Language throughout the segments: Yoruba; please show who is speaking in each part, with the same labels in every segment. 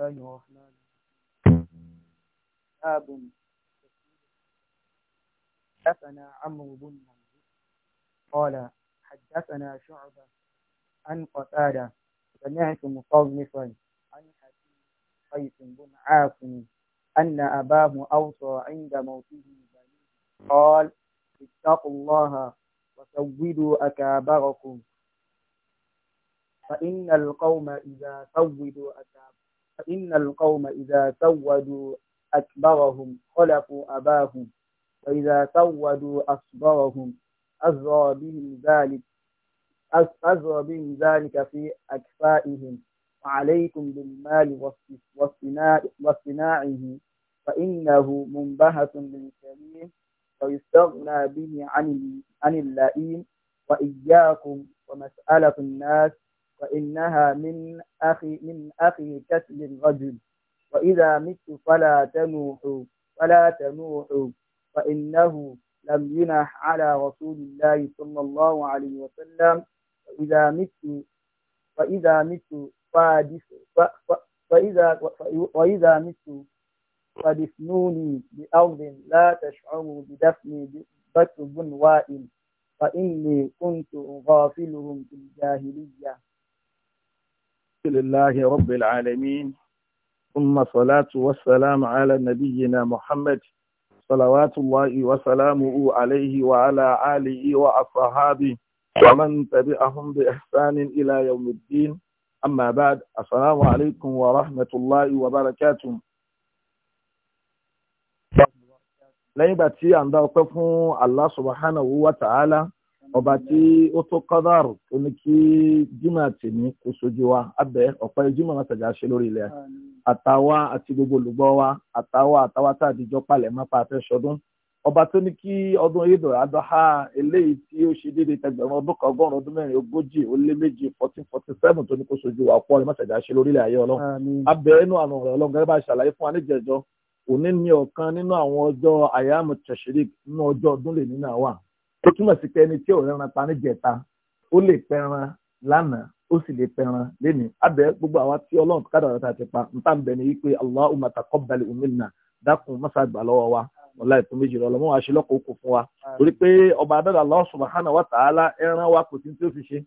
Speaker 1: الله الرحيم باب حدثنا عمرو بن منذور قال حدثنا شعبة عن قتادة سمعت مصنفا عن حكيم قيس بن عاصم أن أباه أوصى عند موته بنيه قال اتقوا الله وسودوا أكابركم فإن القوم إذا سودوا أكابركم فإن القوم إذا سودوا أكبرهم خلقوا أباهم وإذا سودوا أصبرهم أزرى بهم ذلك أزرى بهم ذلك في أكفائهم وعليكم بالمال وصناعه فإنه منبهة بالكريم ويستغنى به عن عن اللئيم وإياكم ومسألة الناس فإنها من أخي من أخي كسل الرجل وإذا مت فلا تنوح فلا تنوح فإنه لم ينح على رسول الله صلى الله عليه وسلم وإذا مت فإذا مت فادف فإذا وإذا مت فدفنوني بأرض لا تشعروا بدفني بكتب وائل فإني كنت أغافلهم في الجاهلية
Speaker 2: لله رب العالمين ثم صلاة والسلام على نبينا محمد صلوات الله وسلامه عليه وعلى آله وأصحابه ومن تبعهم بإحسان إلى يوم الدين أما بعد السلام عليكم ورحمة الله وبركاته لا باتي عند الله سبحانه وتعالى ọba tí ó tó kọ́dọ̀rù ó ní kí jimá tèmi kó sojú wa abẹ ọ̀pẹ́ jimá mọ́tàjà ṣe lórí ilẹ̀ àtàwa àti gbogbo olùgbọ́ wa àtàwa àtàwa tá àdìjọ palẹ̀ mọ́pa àfẹ́sọdún ọba tó ní kí ọdún ìdò àdọ́há eléyìí tí ó ṣe déédéé tẹgbẹ̀rún ọdún kan ọgọ́rùn ọdún mẹ́rin ogójì ó lé méjì fourteen forty seven tó ní kó sojú wa ọ̀pọ̀ rẹ̀ mọ́tàjà ṣe lórí ilẹ̀ ayé ọlọ́run abẹ inú àrùn rẹ̀ ọlọ́run gẹ́gẹ́ bá ṣàlàyé fún wa níjẹ̀jọ́ òní ní ọ̀kan nínú àwọn ọjọ́ àyàmù tẹ̀sírík nínú ọjọ́ ọdún lè nínú àwa ó túmọ̀ sí pé ẹni tí ò rẹran pa ní jẹta ó lè pẹran lánàá ó sì lè pẹran lénìí abẹ gbogbo àwa tí ọlọ́run kádàrá ta ti pa nta ń bẹ ní wípé Allahumma taqabbal minna dákun mọ́sá gbà lọ́wọ́ wa ọ̀la ìpín méjì lọ́lọ́ mọ́ wa ṣe lọ́kọ̀ọ́ kò fún wa torí pé ọba adára Allah subhanahu wa ta'ala ẹran wa kò sí tí ó fi ṣe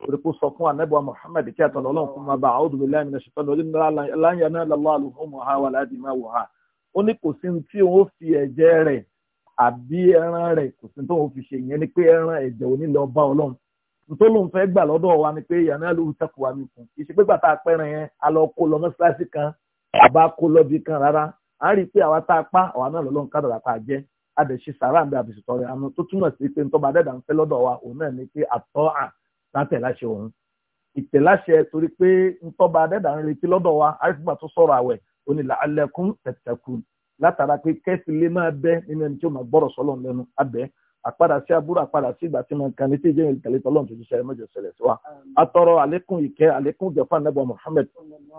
Speaker 2: torí pé sọ fún anábọ̀ Muhammad kí àtọ̀nà ọlọ́run fún máa bá a'udhu billahi minash shaitani rajim ní kò sí tí àbí ẹran rẹ̀ kò sí tó ń fi ṣe ìyẹn ni pé ẹran ẹ̀jẹ̀ òní lọ bá ọlọ́run tó lóun fẹ́ gbà lọ́dọ̀ wa ni pé ìyànà ló tẹ̀kù wa nìkun ìṣe pé gbàtà pẹ́ran yẹn a lọ kó lọ mọ́ṣáláṣí kan àbá kó lọ bí kan rárá a rí i pé àwa tá a pa àwa náà lọ́lọ́run kádàrà tá a jẹ́ a dẹ̀ ṣe sàrà àbí àbìsìtọ́ rẹ̀ àmọ́ tó túmọ̀ sí pé ntọ́ba dẹ́dà ń fẹ́ lọ́dọ̀ wa òun náà ni pé àtọ́ à látẹ̀láṣẹ òun ìtẹ̀láṣẹ torí pé ntọ́ba dẹ́dà ń retí lọ́dọ̀ wa àrífúgbà tó sọ̀rọ̀ àwẹ̀ òní la'allakum tattaqun látara pé kẹ́sì lè máa bẹ́ nínú ẹni tí ó máa gbọ́rọ̀ sọ́lọ̀ lẹ́nu abẹ́ àpadà sí àbúrò àpadà sí ìgbà tí mo kàn ní tí ìjẹ́ ìtẹ̀lé tọ́lọ́run tuntun ṣẹlẹ̀ mọ́jọ ṣẹlẹ̀ sí wa atọ́rọ àlékún ìkẹ́ àlékún ìjọba nẹ́bọ̀ Muhammad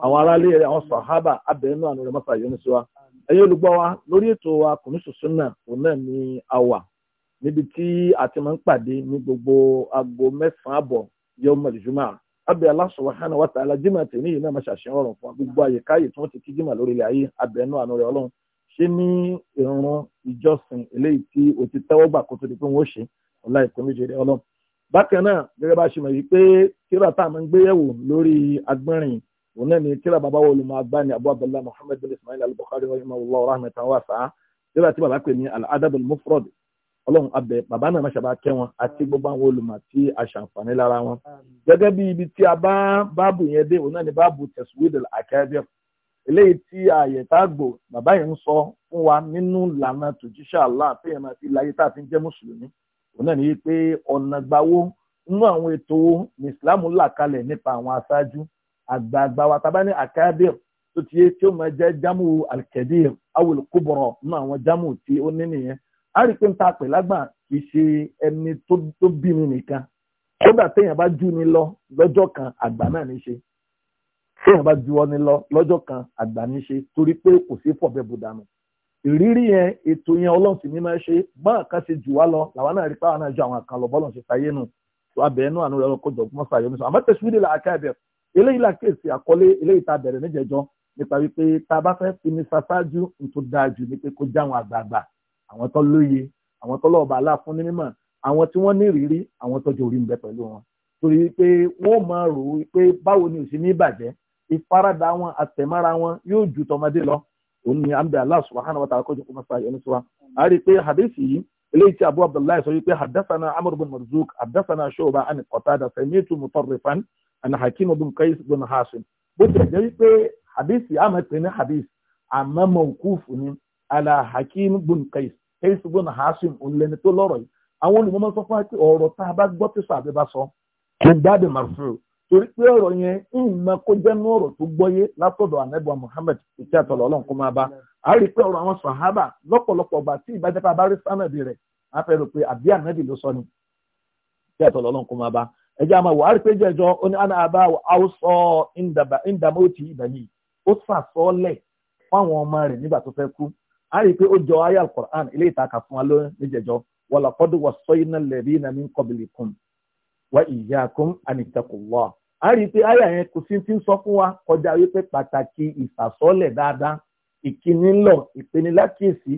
Speaker 2: àwọn aráalé rẹ̀ àwọn sàhábà abẹ́nú àánú rẹ̀ mọ́fà yọ́nú sí wa ẹ̀yin olùgbọ́ wa lórí ètò wa kùnúṣù súnà òun náà ni a wà níbi tí a ti máa ń pàdé ní gbogbo aago mẹ́sàn-án àbọ̀ yọ mọ̀lẹ́júmọ́ abẹ Allah subhanahu wa ta'ala jimá tèmi yìí náà máa ṣàṣeyọrùn fún gbogbo àyíká yìí tí wọ́n ti kí jimá lórí ayé abẹ́nú àánú rẹ̀ ọlọ́run ṣe ní ìrun ìjọsìn eléyìí tí o ti tẹ́wọ́ gbà kó tó di pé wọ́n ṣe ọ̀la ìpín méjèèrè ọlọ́run. bákan náà gẹ́gẹ́ bá ṣe mọ̀ yìí pé kíra tá a máa ń gbé yẹ̀wò lórí agbọ́nrin òun náà ni kíra bàbá wo olùmọ̀ agbani abu abdullahi muhammad bin ismail al-bukhari rahimahullah rahmatan wasi'a kíra tí bàbá pè ní al-adab al abẹ bàbá náà máṣe bá kẹ́ wọn àti gbogbo àwọn olùmọ̀ tí a lára wọn. gẹ́gẹ́ bí ibi tí a bá báàbù yẹn dé òun náà ni báàbù tẹ̀síwìdì àkẹ́bíọ̀ eléyìí tí ààyè tá a gbò bàbá yìí ń sọ fún wa nínú ìlànà tòjíṣà Allah téèyàn máa fi láyé tá a fi ń jẹ́ mùsùlùmí òun náà nìyí pé ọ̀nà gbawó nínú àwọn ètò ní Islam là kalẹ̀ nípa àwọn aṣáájú àgbààgbà wa tá a bá ní akabir tó ti yé tí ó máa jẹ́ jámù alkebir awul kubọ̀rọ̀ nínú àwọn jámù tí ó ní nìyẹn a rí i pé ń ta pè lágbà kì í ṣe ẹni tó bí mi nìkan kódà téèyàn bá jú ni lọ lọ́jọ́ kan àgbà náà ní ṣe téèyàn bá juwọ́ ní lọ lọ́jọ́ kan àgbà ní ṣe torí pé kò sí fọ̀bẹ bùdànù ìrírí yẹn ètò yẹn ọlọ́run sì ní máa ṣe báà kan ṣe jù wá lọ làwọn náà rí pé àwọn náà ju àwọn kan lọ bọ́lọ̀ ṣe fàyè nù tó abẹ́ẹ́nú àánú rẹ̀ kó jọ̀gbọ́n fàyè nù sọ àmọ́ tẹ̀síwìdì là áká ẹ̀bẹ̀ eléyìí là kéèsì àkọlé eléyìí tá a bẹ̀rẹ̀ níjẹ̀jọ́ nípa wípé tá a bá fẹ́ fi ní sasájú tó dáa jù ní pé kó já àwọn àgbààgbà àwọn tó lóye àwọn tó lọ́ọ̀bà alá fún ní mímọ̀ àwọn tí wọ́n ní ìrírí àwọn tó jòrí ń bẹ pẹ̀lú wọn torí pé wọ́n máa rò ó pé báwo ni òsì ní ìbàjẹ́ ìfaradà wọn àtẹ̀mára wọn yóò ju tọmọdé lọ òun ni amdi allah subhanahu wa ta'ala kọjú kó mọ́sá yẹn sọ́ra a rí i pé hadisi yìí eléyìí tí abu abdullahi sọ wípé hadasana amr bin marzuk hadasana shoba ani qatada samitu mutarrifan ani hakim bin qais bin hasim bó ti jẹ́ wípé hadisi àmọ́ pé ní hadisi àmọ́ mawkufu ni ala hakim bin qais qais bin hasim òun tó lọ́rọ̀ yìí àwọn olùmọ́mọ́ sọ fún wa pé ọ̀rọ̀ tá a bá gbọ́ tí sọ àbẹ́bá sọ kò gbádùn torí pé ọ̀rọ̀ yẹn ìmọ̀ kó jẹ́ ní ọ̀rọ̀ tó gbọ́yé látọ̀dọ̀ ànábì Muhammad ìkí àtọ̀lọ̀ ọlọ́run a rí i pé ọ̀rọ̀ àwọn sàhábà lọ́pọ̀lọpọ̀ gbà tí ìbájápá bá rí sánàbì rẹ̀ a fẹ́ rò pé àbí ló sọ ni ìkí àtọ̀lọ̀ ọlọ́run ẹjẹ́ àmọ́ wò rí i pé ó ní wa iyyakum anittaqullah a rí i pé àyà yẹn kò sí ti ń sọ fún wa kọjá wípé pàtàkì ìfàsọ́lẹ̀ dáadáa ìkínílọ ìpenilákìsí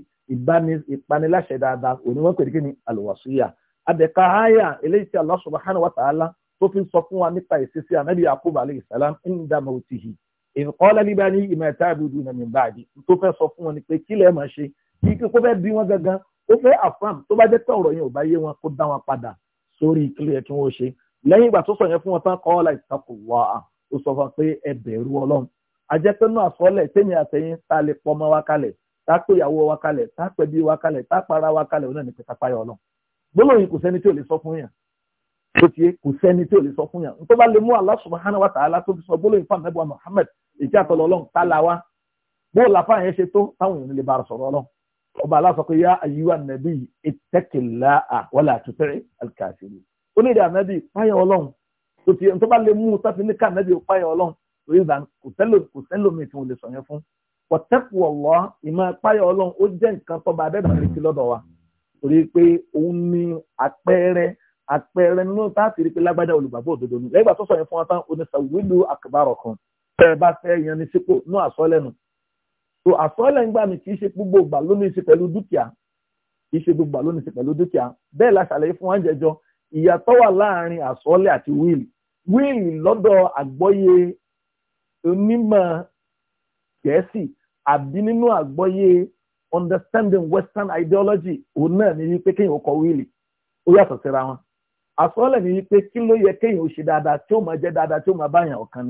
Speaker 2: ìpaniláṣẹ dáadáa òní wọn pèrè kí ni àlùwàsíyà abẹ́ka àyà eléyìí tí Allah subhanahu wa ta'ala tó fi ń sọ fún wa nípa ìṣesí anabi yakub alayhi salam inda mawtihi in qala li banihi ma ta'buduna min ba'di tó fẹ́ sọ fún wọn ni pé kí lẹ́ẹ̀ máa ṣe kí kó fẹ́ bí wọn gangan ó fẹ́ àfam tó bá jẹ́ pé ọ̀rọ̀ yẹn ò bá yé wọn kó dá wọn padà sórí ìkílẹ̀ kí wọ́n ṣe lẹ́yìn ìgbà tó sọ yẹn fún wọn tán kọ́ ọ̀la ìtakò wá a ó sọ fún wa pé ẹ bẹ̀rù ọlọ́run ajẹ́pẹ́ náà sọ́lẹ̀ tẹ́mi àtẹ̀yìn tá a lè pọ́ ọmọ wa kalẹ̀ tá a pé ìyàwó wa kalẹ̀ tá a pẹ̀bí wa kalẹ̀ tá a para wa kalẹ̀ ọ̀nà ní pẹ̀ka payọ̀ ọlọ́run gbólóhùn kò sẹ́ni tí ò lè sọ fún yàn tó ti kò sẹ́ni tí ò lè sọ fún yàn nítorí bá lè mú Allah subhanahu wa ta'ala tó fi sọ gbólóhùn fún àmẹ́bùwà Muhammad ìjà tọ́lọ́ ọlọ́run tá la wa bó o làfáà yẹn ṣe tó táwọn èèyàn lè bára sọ̀rọ̀ ọlọ́run ọba aláṣọ pé yá àyíwá nàbí ìtẹ́kìlá àwọlà àtúntẹ́ àlùkàṣírí ó ní ìdá nàbí páyà ọlọ́run tó ti tó bá lè mú sáfì ní ká nàbí páyà ọlọ́run torí ìgbà kò sẹ́lómi tí wọ́n lè sọ̀yẹn fún wọ́tẹ́kù ọ̀lọ́ ìmọ̀ páyà ọlọ́run ó jẹ́ nǹkan tọ́ba abẹ́bẹ̀rẹ̀ sí lọ́dọ̀ wa torí pé òun ni àpẹẹrẹ àpẹẹrẹ nínú táàtì rí pé lágbájá olùgbàgbọ́ òdodo ni lẹ́gbàá so àsọlẹ̀ ń gbà mí kì í ṣe gbogbo ìgbà ló ní í ṣe pẹ̀lú dúkìá kì í ṣe gbogbo ìgbà ló ní í ṣe pẹ̀lú dúkìá bẹ́ẹ̀ la ṣàlàyé fún wọn jẹjọ ìyàtọ̀ wà láàrin àsọlẹ̀ àti wíìlì wíìlì lọ́dọ̀ àgbọ́yé onímọ̀ gẹ̀ẹ́sì àbí nínú àgbọ́yé understanding western ideology òun náà ni wípé kéèyàn ó kọ wíìlì ó yàtọ̀ síra wọn wípé kí ló yẹ kéèyàn ó ṣe dáadáa tí ó máa jẹ́ dáadáa tí ó máa báyàn ọ̀kan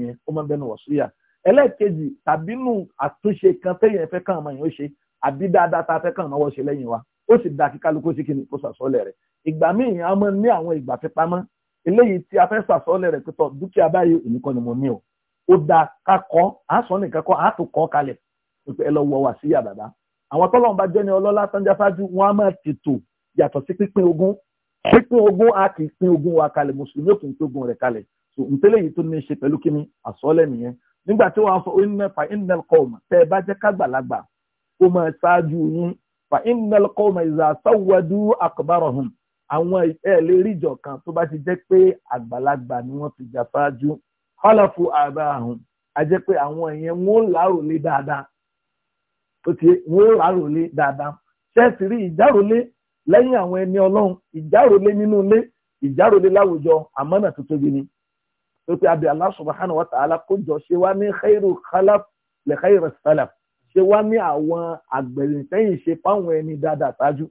Speaker 2: ẹlẹ́ẹ̀kejì tàbí nù àtúnṣe kan téèyàn fẹ́ kàn ọmọ yẹn ó ṣe àbí dáadáa tá a fẹ́ kàn ọmọ wọ́n ṣe lẹ́yìn wa ó sì da kíkálukú sí kíni kó sàsọ́lẹ̀ rẹ̀ ìgbà míì yẹn a máa ní àwọn ìgbà fipamọ́ eléyìí tí a fẹ́ sàsọ́lẹ̀ rẹ̀ pẹ̀tọ́ dúkìá báyìí èmi kọ́ ni mo ní o ó da ká kọ́ á sọ nìkan kọ́ á tó kọ́ kalẹ̀ pé ẹ lọ wọ wá sí yàdàdà àwọn tọ́lọ́run jẹ́ ni ọlọ́lá a kì í nígbà tí wọ́n sọ inna fa inna al-qawma tẹ́ ẹ bá jẹ́ kágbàlagbà ó máa ṣáájú yín fa inna al-qawma iza sawwadu akbarahum àwọn ẹ̀ lè rí ìjọ kan tó bá ti jẹ́ pé àgbàlagbà ni wọ́n ti jà ṣáájú khalafu aba'ahum a jẹ́ pé àwọn èèyàn wọ́n láròlé dáadáa tó ti wọ́n láròlé dáadáa ṣẹ́ẹ̀sì rí ìjáròlé lẹ́yìn àwọn ẹni ọlọ́run ìjáròlé nínú ilé ìjáròlé láwùjọ àmọ́nà tó tóbi ni tó pé abẹ́ Allah subhanahu wa ta'ala kó jọ ṣe wá ní khairu khalaf lè khairu salaf ṣe wá ní àwọn àgbẹ̀yìn sẹ́yìn ṣe fáwọn ẹni dáadáa ṣáájú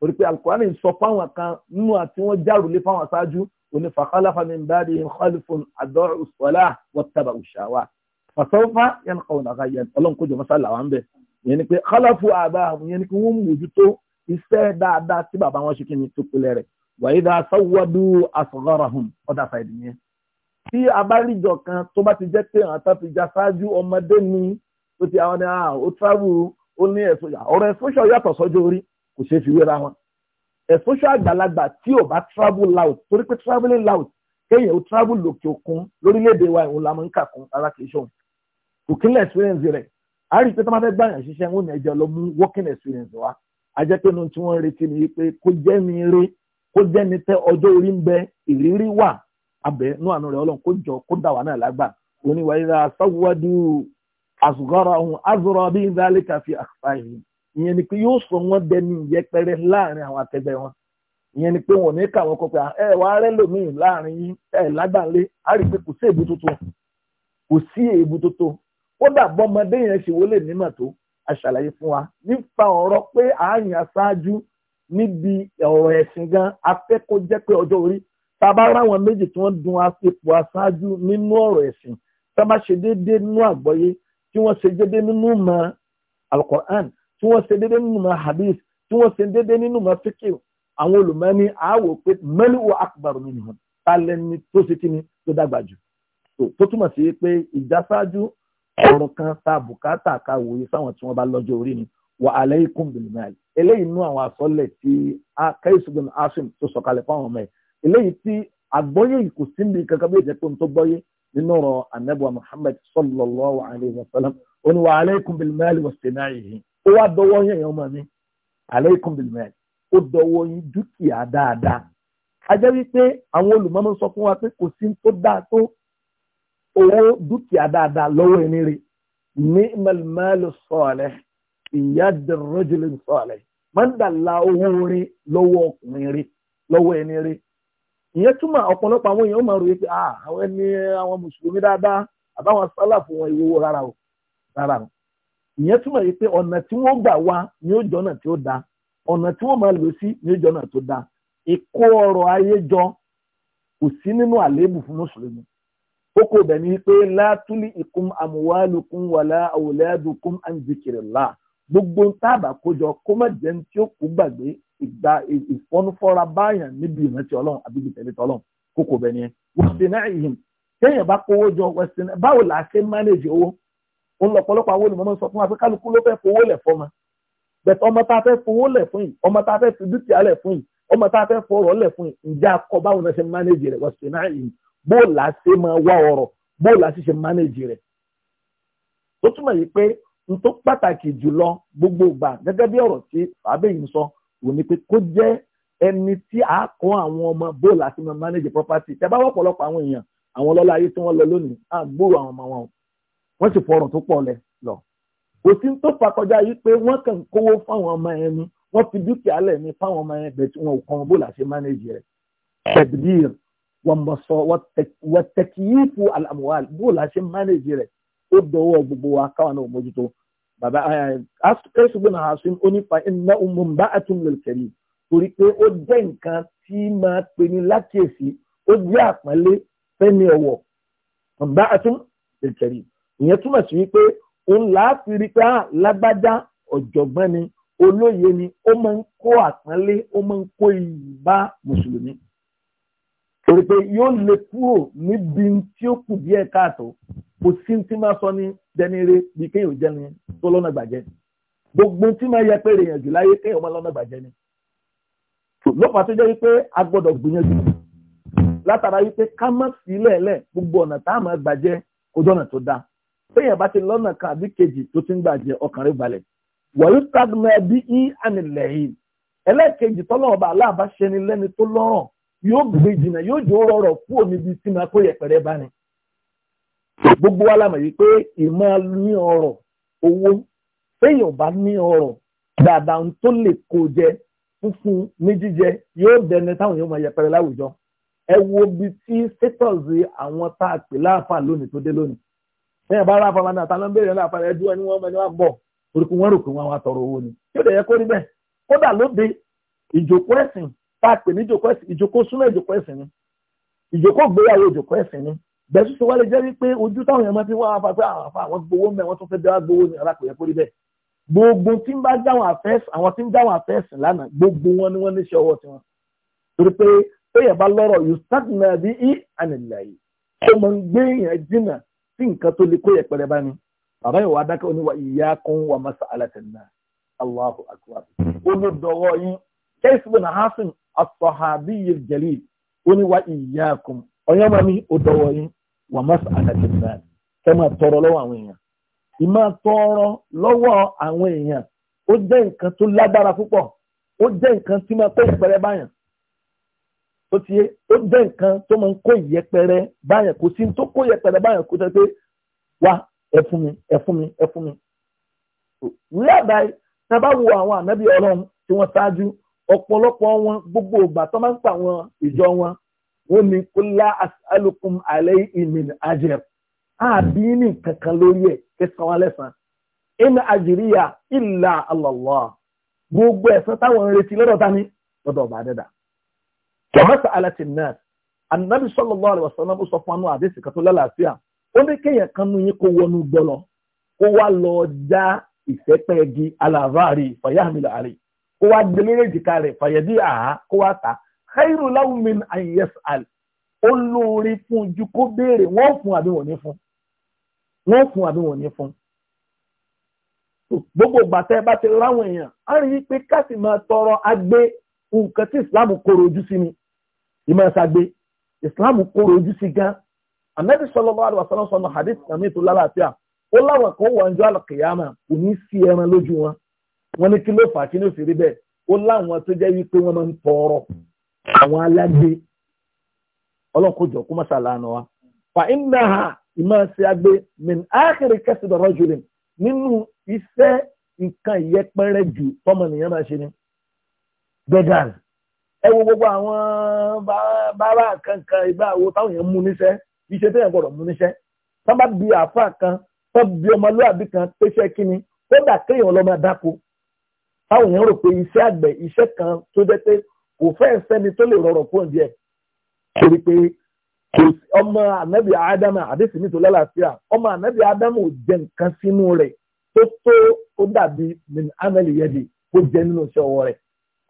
Speaker 2: torí pé alukurani sọ fáwọn kan nínú àti wọn járùlé fáwọn ṣáájú òní fa khalafa min ba'dihim khalfun ada'u as-salah wattaba'u ash-shahawat fasawfa yanqawna ghayyan ọlọ́run kó jọ mọ́sálà ń bẹ̀ ìyẹn ni pé khalafu aba'ahum ìyẹn ni pé wọ́n mójútó iṣẹ́ dáadáa tí bàbá wọn ṣe kí ni tó pélé rẹ̀ wa idha sawwadu asgharahum ọ̀dà fàìdì yẹn tí a bá rí ìjọ kan tó bá ti jẹ́ pé àwọn tó ti já ṣáájú ọmọdé ni tó ti àwọn ni ó travel ó ní ẹ̀sùn yà ọ̀rọ̀ ẹ̀sùn yàtọ̀ sọ́jọ́ orí kò ṣeé fi wéra wọn ẹ̀sùn àgbàlagbà tí ò bá travel loud torí pé traveling loud kéèyàn ó travel lòkè òkun lórílẹ̀‐èdè wa ìhun làmú ń kà kún ara kìí ṣòun kò kí experience rẹ̀ a rí i pé tó máa fẹ́ gbàyàn ṣiṣẹ́ ń ní ẹjọ́ lọ mú working experience wa a jẹ́ pé ohun tí wọ́n ń retí ni pé kó jẹ́ ni eré kó jẹ́ ni tẹ́ ọjọ́ orí ń bẹ ìrírí wà abẹ nú àánú rẹ̀ ọlọ́run kó jọ kó dà wà náà lágbà oníwà ìlà sáwádú àsùgọ́rọ̀ ọ̀hún azọrọ̀ bí ń dálé káfí àfààní ìyẹn ni pé yóò sọ wọn dẹni yẹpẹrẹ láàrin àwọn akẹgbẹ́ wọn ìyẹn ni pé wọn ní káwọn kọ pé ẹ wàá rẹ lòmíì láàrin yín ẹ lágbàlẹ á rí i pé kò sí èébú tuntun kò sí èébú tuntun kódà bọ́mọdé yẹn ṣe wọlé nímọ̀ tó aṣàlàyé fún wa nípa ọ̀rọ̀ pé àáyàn aṣáájú níbi ọ̀rọ̀ ẹ̀sìn gan afẹ́kọ́ jẹ́ orí tábà ráwọn méjì tí wọ́n dun àṣepọ̀ aṣáájú nínú ọ̀rọ̀ ẹ̀sìn tábà ṣe déédéé nínú àgbọ́yé tí wọ́n ṣe déédéé nínú mọ́ alukoran tí wọ́n ṣe déédéé nínú mọ́ hadith tí wọ́n ṣe déédéé nínú mọ́ fíkìr àwọn olùmọ́ni àwò pé mẹ́líwò akbar minhum talẹ́ni tó ṣe kíni tó dàgbà jù tó túmọ̀ sí pé ìjásáájú ọ̀rọ̀ kan ta bùkátà ká wòye sáwọn tí wọ́n bá lọ́jọ́ orí ni wà alaykum bil mal eléyìí nú àwọn àsọlẹ̀ eléyìí tí àgbọ́yé kò síbi kankan bí ìjẹ́pọ̀ tó gbọ́yé nínú ọ̀rọ̀ anabuwa muhammad sallallahu alayhi wa sallam ó ní wa alaykum bil mali wa sinaihi ó wá dọwọ́ yẹn yẹn ọmọ mi alaykum bil mali ó dọwọ́ yín dúkìá dáadáa ajẹ́ wípé àwọn olùmọ́mọ́ sọ fún wa pé kò sí tó dáa tó owó dúkìá dáadáa lọ́wọ́ ẹni rẹ̀ ní mẹ́lẹ́mẹ́lẹ́ sọ̀ọ̀lẹ́ ìyá dẹ̀rọ̀jìlẹ̀ sọ̀ọ̀lẹ́ mọ́ndàlá owó rẹ̀ lọ́wọ́ ọkùnrin rẹ̀ lọ́wọ́ ẹni rẹ̀ ìyẹn túmọ̀ ọ̀pọ̀lọpọ̀ àwọn èèyàn máa rò wípé ah, àwọn ẹni àwọn mùsùlùmí dáadáa àbáwọn sálàfù wọn ìwòwò rárá o rárá o ìyẹn túmọ̀ yìí pé ọ̀nà tí wọ́n gbà wá ní ó jọ́nà tí ó da ọ̀nà tí wọ́n máa lò sí Ni ó jọ́nà tó da ìkó ọrọ̀ ayé jọ kò sí nínú àléébù fún mùsùlùmí kókó ibẹ̀ ni pé látúlí ìkum àmúwálùkún wàlá àwòlẹ́dùkún àǹzikìrìlá gbogbo táàbà kójọ kó má jẹun tí ó kú gbàgbé ìgbà ìfọ́nufọ́ra báyàn níbi ìrántí ọlọ́run àbí ìtẹ̀lé tọ́lọ́run kókò bẹ́ẹ̀ nìyẹn wọ́n náà yìí téèyàn bá kówó jọ wẹ́sìn báwo là á ṣe mánéèjì owó òun lọ̀pọ̀lọpọ̀ àwọn olùmọ̀mọ́ sọ fún wa pé kálukú ló fẹ́ fowó lẹ̀ fọmọ bẹ̀tẹ̀ ọmọ tá a fẹ́ fowó lẹ̀ fún yìí ọmọ tá a fẹ́ fi dúkìá lẹ̀ fún yìí ọmọ tá a fẹ́ fọ̀rọ̀ lẹ̀ fún yìí ǹjẹ́ akọ báwo náà ṣe mánéèjì rẹ̀ wọ́sìn náà yìí bó là á ṣe máa wá ọ̀rọ̀ bó là á ṣe ṣe mánéèjì rẹ̀ tó túmọ̀ yìí pé n tó pàtàkì jùlọ gbogbo ìgbà gẹ́gẹ́ bí ọ̀rọ̀ tí fàbẹ́yìn sọ wò ni pé kó jẹ́ ẹni tí a kọ́ àwọn ọmọ bóòlù àti máa manage property tẹ́ bá wọ́pọ̀lọpọ̀ àwọn èèyàn àwọn ọlọ́lá ayé tí wọ́n lọ lónìí à gbòòrò àwọn ọmọ wọn o wọ́n sì fọrùn tó pọ̀ lẹ lọ. kò sí tó fà kọjá yìí pé wọ́n kàn kówó fáwọn ọmọ yẹn ni wọ́n fi dúkìá lẹ̀ ní fáwọn ọmọ yẹn bẹ̀tí wọn ò kàn bóòlù àti manage rẹ̀. tẹ̀gbìr wọ́n tẹ̀kì yìí fún àlàmúwàl bóòlù àti manage rẹ̀ ó dọwọ́ gbogbo wa káwọn bàbá eh, Asu bin Hasim onífa iná mumba atumul karim torí pé ó jẹ́ nǹkan tí máa pè ní lákèsí ó jẹ́ àpọ́nlé fẹ́ni ọ̀wọ̀ mumba atumul karim ìyẹn túmọ̀ sí wípé òun láàfi rí pé ah, lágbájá ọ̀jọ̀gbọ́n ni olóye ni ó máa ń kó o ó máa ń kó iyì bá mùsùlùmí torí pé yóò lè kúrò níbi tí ó kù díẹ̀ káàtó kò sí tí máa sọ ní dẹnire bí kéèyàn jẹ́ ni tó lọ́nà gbàjẹ́ gbogbo tí máa yẹ pé èèyàn jù láyé kéèyàn máa lọ́nà gbàjẹ́ ni lọ́pàá tó jẹ́ wípé a gbọ́dọ̀ gbìyànjú látara wípé ká má sí lẹ́ẹ̀lẹ́ gbogbo ọ̀nà tá a máa gbàjẹ́ ojú ọ̀nà tó dáa téèyàn bá ti lọ́nà kan àbí kejì tó ti ń gbàjẹ́ ọkàn rẹ̀ balẹ̀ wọ̀nyí tagmẹ́ bí í gbogbo wa la mọ̀ yìí pé ìmọ̀ ní ọrọ̀ owó téèyàn bá ní ọrọ̀ dáadáa tó lè kó jẹ fúnfun ní jíjẹ yóò dẹni táwọn yóò máa yẹpẹrẹ láwùjọ ẹ wo bi tí status àwọn tá a pè láàfà lónìí tó dé lónìí lẹ́yìn bá ráfa máa ní àtàlọ́ ń béèrè láàfà rẹ̀ dúró ẹni wọ́n mọ ẹni wá bọ̀ orúkọ wọn rò pé wọn wá tọrọ owó ni yóò dẹ̀ yẹ kó rí bẹ́ẹ̀ kódà lóde ìjòkó ẹ̀sìn tá a pè ní ìjòkó ẹ̀sìn ìjòkó súnmọ́ ìjòkó ẹ̀sìn ni ìjòkó gbéyàwó ìjòkó ẹ̀sìn ni bẹ̀rù tó wá lè jẹ́ wípé ojú táwọn èèyàn máa fi wá wá pé àwọn àfa àwọn gbowó mẹ́ wọ́n tún fẹ́ dáwà gbowó ní alákòóyẹ kórì bẹ́ẹ̀ gbogbo tí ń bá dáwọn àfẹ́sìn àwọn tí ń dáwọn àfẹ́sìn lánàá gbogbo wọn ni wọ́n ní ṣe ọwọ́ tiwọn torí pé téèyàn bá lọ́rọ̀ yóò sátìnà bí í ànìlẹ̀ yìí ó máa ń gbé èèyàn jìnnà sí nǹkan tó lè kó yẹpẹrẹ bá ní bàbá ìwà adákẹ́ oníwà ìyá kan wà masa alátẹ̀nà Allahu ọ̀yàn máa ní ọ̀dọ̀wọ̀ yín wà má ànàtì náà kẹ́ máa tọrọ lọ́wọ́ àwọn èèyàn ìmọ̀ tọrọ lọ́wọ́ àwọn èèyàn ó jẹ́ nǹkan tó lágbára púpọ̀ ó jẹ́ nǹkan tí máa kó ìpẹrẹ báyàn ó ti ó jẹ́ nǹkan tó máa ń kó ìyẹpẹrẹ báyàn kò sí tó kó ìyẹpẹrẹ báyàn kó tẹ́ pé wá ẹ fún mi ẹ fún mi ẹ fún mi. wíwádàá tá a bá wo àwọn ànábì ọlọ́run tí wọ́n ṣáájú ọ̀pọ̀lọpọ̀ wọn gbogbo ìgbà tó máa ń pa àwọn ìjọ wọn wọ́n ní kúlá asálùkùn alẹ́ ìmìn ajẹ́r àbí ní kankan lórí ẹ̀ kẹsàn-án alẹ́sàn ẹ̀mí àjíríyà ìlà àlọ́lọ́ gbogbo ẹ̀sán táwọn ń retí lọ́dọ̀ ta ni lọ́dọ̀ ọba dẹ́dà. jọ̀mọ́sà alẹ́tì náà ànábì sallallahu alaihi wasallam sọ fún anú àdéhùn kan tó lálàáfíà ó ní kéèyàn kan nu yín kó wọnú gbọ́lọ kó wá lọ já ìfẹ́pẹ́ẹ́gi aláàbáàrí fàyàmìlà àrí kó wá gbélé èjìká rẹ̀ fàyẹ̀dí àhá kó wá ta khairu lahum min an yas'al olóore fún ju kó béèrè wọ́n fún àbí wọ́n ní fún wọ́n fún àbí wọ́n ní fún. gbogbo gbàtẹ́ bá ti ráwọn èèyàn á rí i pé ká máa tọrọ agbé nǹkan tí islam kóró ojú sí ni ìmọ̀ islam kóró ojú sí gan anabi sallallahu alaihi wasallam sọnà hadith sami tó lálàáfíà ó láwọn kan wà níjọ́ àlùkìyàmà kò ní sí ẹran lójú wọn wọ́n ní kí ló fà á kí ló fi rí bẹ́ẹ̀ ó láwọn tó jẹ́ wípé wọ́n máa ń tọrọ àwọn alágbé ọlọ́kọ̀jọ̀ kó mọ́sà lánàá wa fa iná ha ìmọ̀ ṣe agbé min áàkiri kẹsìdọ̀ rọ́jùlẹ̀ nínú iṣẹ́ nǹkan ìyẹpẹrẹ jù tọmọnìyàn máa ṣe ni beggars ẹ wo gbogbo àwọn bàbá kankan ìgbà wo táwọn èèyàn mú níṣẹ́ iṣẹ́ téèyàn gbọ́dọ̀ mú níṣẹ́ tó bá bi àfa kan tó bi ọmọlúwàbí kan pèsè kínní kódà kéèyàn lọ́mọ dáko táwọn èèyàn rò pé iṣẹ́ àgbẹ̀ iṣẹ́ kan tó jẹ́ pé kò fẹ́ sẹ́ni tó lè rọrọ̀ kúrò díẹ̀ torí pé ọmọ anabi adama àdéhùn mi tó lálàáfíà ọmọ anabi adama ò jẹ nǹkan sínú rẹ̀ tó tó ó dàbí min amẹ́lì yẹn di kó jẹ nínú iṣẹ́ ọwọ́ rẹ̀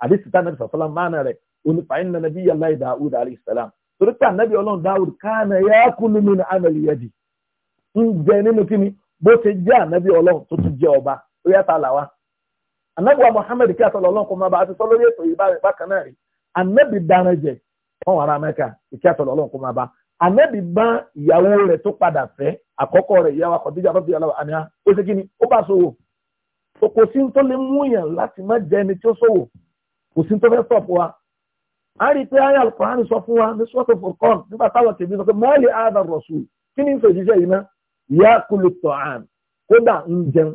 Speaker 2: àdéhùn tá anabi sàfọlá mánà rẹ̀ onífàáyín nana bí yàrá ìdáhùn alayhi salam torí pé anabi ọlọ́run dáhùn kánà yà kúlù min amẹ́lì yẹn di ń jẹ nínú kíni bó ṣe jẹ́ anabi ọlọ́run tó tún jẹ ọba ó yàtọ̀ àlàwà anábìwá Muhammad kí àtọ̀lọ́ ọlọ́run kò máa bá a ti sọ lórí ètò yìí bákan náà rí anábì dáná jẹ wọn wà rà mẹ́ka kí àtọ̀lọ́ ọlọ́run kò máa bá anábì bá ìyàwó rẹ̀ tó padà fẹ́ àkọ́kọ́ rẹ̀ ìyàwó Khadija bá fi yàrá àmì á ó ṣe kí ni ó bá sòwò kò sí tó lè mú yàn láti má jẹ ẹni tí ó sòwò kò sí tó fẹ́ sọ̀pù wa a rí i pé ayé alukurani sọ fún wa ní sọ́tò fòkàn nígbà táwọn tèmi sọ pé mọ́ọ̀lì àdàrọ̀sù kí ni ìfèjìṣẹ́ yìí ná ìyá kulu tọ̀hán kódà ń jẹun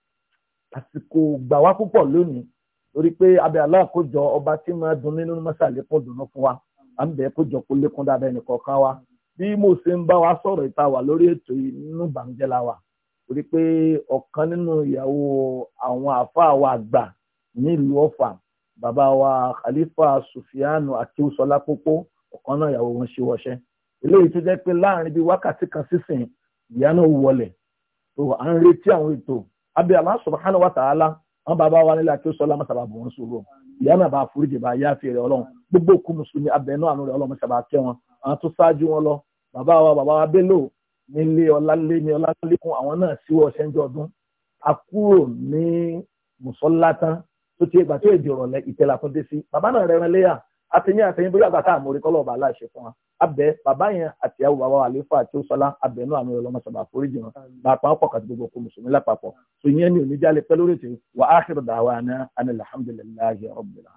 Speaker 2: àsìkò gbà wá púpọ̀ lónìí torí pé abẹ́ aláàkójọ ọba tí máa dùn nínú mọ́sàlẹ̀ pọ̀ dùnú fún wa à ń bẹ̀ kójọ kó lékún dáadáa ẹnì wa bí mo ṣe ń bá wa sọ̀rọ̀ ìta wà lórí ètò inú bàmújẹ́ la wà torí pé ọ̀kan nínú ìyàwó àwọn àáfàá wa àgbà nílùú ọ̀fà bàbá wa Khalifa Sufianu Akiusola Popo ọ̀kan náà ìyàwó wọn ṣe wọṣẹ́ eléyìí tó jẹ́ pé láàrin bíi wákàtí kan sísìn ìyá náà wọlé tó à ń retí àwọn ètò abẹ́ Allah subhanahu wa ta'ala wọn bàbá wa nílẹ̀ àti sọlá mọ́sàbà bò wọ́n sòrò ìyá náà bá foríjì bá yá fi rẹ̀ ọlọ́run gbogbo òkú mùsùlùmí abẹ́ náà àánú rẹ̀ ọlọ́run mọ́sàbà kẹ́ wọn àwọn tó ṣáájú wọn lọ bàbá wa bàbá wa bélò nílé ọlálé ní ọlálékún àwọn náà síwọ́ ṣẹ́ńjọ́ ọdún a kúrò ní mùsọ́lá tán tó ti ìgbà tó èdè ọ̀rọ̀ fún dé bàbá náà rẹ̀ rẹ̀ léyà àtẹ̀yìn àtẹ̀yìn bóyá àgbà àmórí kọ́lọ̀ ọ̀bà aláṣẹ fún wa abẹ bàbá yẹn àti àwọn bàbá àlefa àti òsọlá abẹ náà àmì ọlọmọ sábà foríjì wọn bàbá wọn pọkàn gbogbo kò mùsùlùmí lápapọ̀ so ìyẹn ni onídjálẹ
Speaker 1: pẹ̀lú rẹ wà á kẹrọ dàwọn àná àná alhamdulilayi rabbil